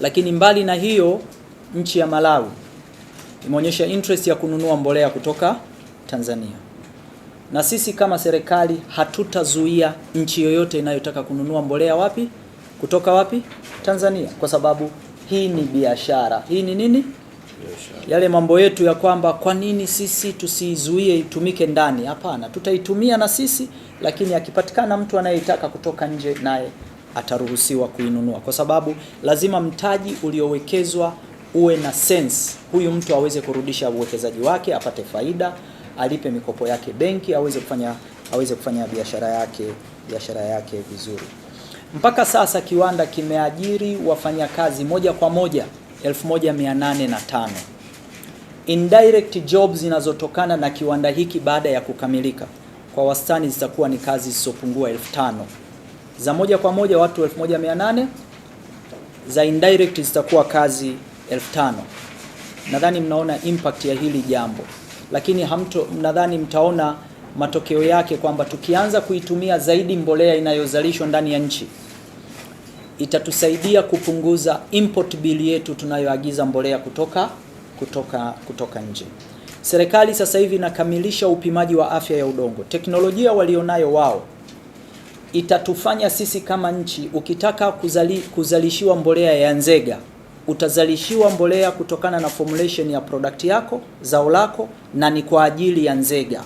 Lakini mbali na hiyo, nchi ya Malawi imeonyesha interest ya kununua mbolea kutoka Tanzania, na sisi kama serikali hatutazuia nchi yoyote inayotaka kununua mbolea wapi kutoka wapi Tanzania, kwa sababu hii ni biashara. Hii ni nini? Biashara. Yale mambo yetu ya kwamba kwa nini sisi tusizuie itumike ndani? Hapana, tutaitumia na sisi, lakini akipatikana mtu anayetaka kutoka nje naye ataruhusiwa kuinunua, kwa sababu lazima mtaji uliowekezwa uwe na sense, huyu mtu aweze kurudisha uwekezaji wake, apate faida, alipe mikopo yake benki, aweze kufanya aweze kufanya biashara yake biashara yake vizuri. Mpaka sasa kiwanda kimeajiri wafanyakazi moja kwa moja 1805. Indirect jobs zinazotokana na kiwanda hiki baada ya kukamilika kwa wastani zitakuwa ni kazi zisizopungua elfu tano za moja kwa moja watu 1800, za indirect zitakuwa kazi 5000. Nadhani mnaona impact ya hili jambo, lakini hamto, nadhani mtaona matokeo yake kwamba tukianza kuitumia zaidi mbolea inayozalishwa ndani ya nchi itatusaidia kupunguza import bill yetu tunayoagiza mbolea kutoka, kutoka, kutoka nje. Serikali sasa hivi inakamilisha upimaji wa afya ya udongo. Teknolojia walionayo wao itatufanya sisi kama nchi, ukitaka kuzali, kuzalishiwa mbolea ya nzega utazalishiwa mbolea kutokana na formulation ya product yako, zao lako, na ni kwa ajili ya nzega.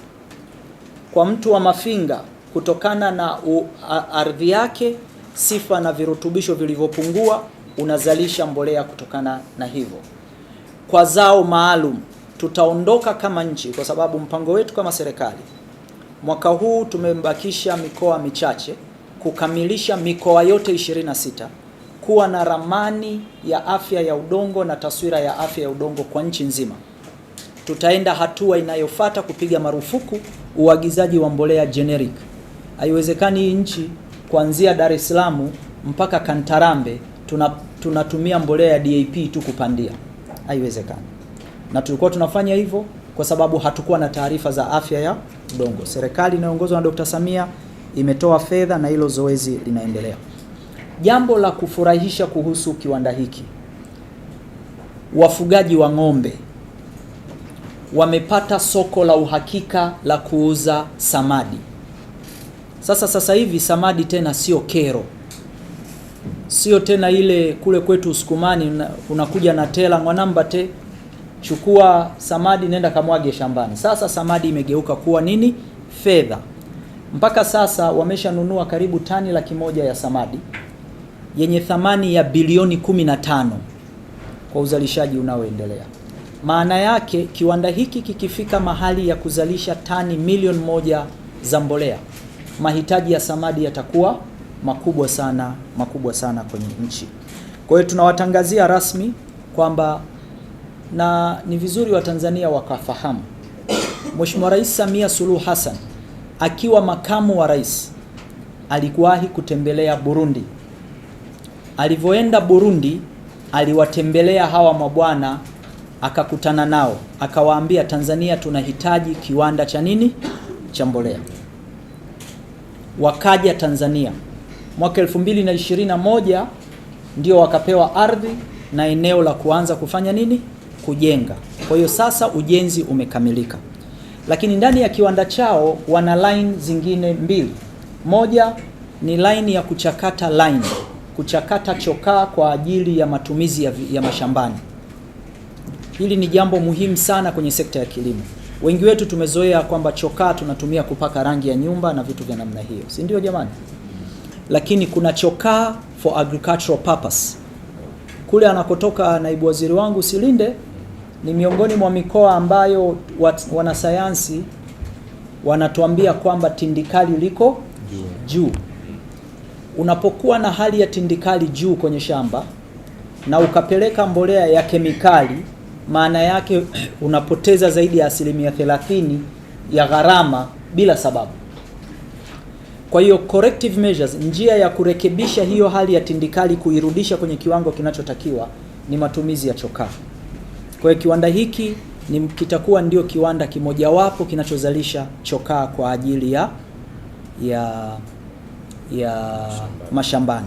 Kwa mtu wa mafinga, kutokana na ardhi yake, sifa na virutubisho vilivyopungua, unazalisha mbolea kutokana na hivyo. Kwa zao maalum, tutaondoka kama nchi, kwa sababu mpango wetu kama serikali Mwaka huu tumebakisha mikoa michache kukamilisha mikoa yote 26 kuwa na ramani ya afya ya udongo na taswira ya afya ya udongo kwa nchi nzima. Tutaenda hatua inayofuata kupiga marufuku uagizaji wa mbolea generic. Haiwezekani hii nchi kuanzia Dar es Salaam mpaka Kantarambe tuna, tunatumia mbolea ya DAP tu kupandia. Haiwezekani, na tulikuwa tunafanya hivyo kwa sababu hatukuwa na taarifa za afya ya udongo. Serikali inayoongozwa na Dr. Samia imetoa fedha na hilo zoezi linaendelea. Jambo la kufurahisha kuhusu kiwanda hiki, wafugaji wa ng'ombe wamepata soko la uhakika la kuuza samadi. Sasa sasa hivi samadi tena sio kero, sio tena ile kule kwetu Usukumani unakuja na tela ngwanamba te chukua samadi, nenda kamwage shambani. Sasa samadi imegeuka kuwa nini? Fedha. Mpaka sasa wameshanunua karibu tani laki moja ya samadi yenye thamani ya bilioni 15 kwa uzalishaji unaoendelea. Maana yake kiwanda hiki kikifika mahali ya kuzalisha tani milioni moja za mbolea, mahitaji ya samadi yatakuwa makubwa sana, makubwa sana kwenye nchi. Kwa hiyo tunawatangazia rasmi kwamba na ni vizuri Watanzania wakafahamu. Mheshimiwa Rais Samia Suluhu Hassan akiwa makamu wa rais alikuwahi kutembelea Burundi. Alivyoenda Burundi, aliwatembelea hawa mabwana, akakutana nao, akawaambia Tanzania tunahitaji kiwanda cha nini, cha mbolea. Wakaja Tanzania mwaka 2021 ndio wakapewa ardhi na eneo la kuanza kufanya nini kujenga. Kwa hiyo sasa ujenzi umekamilika, lakini ndani ya kiwanda chao wana line zingine mbili. Moja ni line ya kuchakata line, kuchakata chokaa kwa ajili ya matumizi ya, ya mashambani. Hili ni jambo muhimu sana kwenye sekta ya kilimo. Wengi wetu tumezoea kwamba chokaa tunatumia kupaka rangi ya nyumba na vitu vya namna hiyo, si ndio jamani? Lakini kuna chokaa for agricultural purpose. Kule anakotoka naibu waziri wangu Silinde ni miongoni mwa mikoa ambayo wanasayansi wanatuambia kwamba tindikali liko juu. Unapokuwa na hali ya tindikali juu kwenye shamba na ukapeleka mbolea ya kemikali, maana yake unapoteza zaidi ya asilimia 30 ya gharama bila sababu. Kwa hiyo corrective measures, njia ya kurekebisha hiyo hali ya tindikali kuirudisha kwenye kiwango kinachotakiwa ni matumizi ya chokaa. Kwa hiyo kiwanda hiki ni kitakuwa ndio kiwanda kimojawapo kinachozalisha chokaa kwa ajili ya ya, ya mashambani.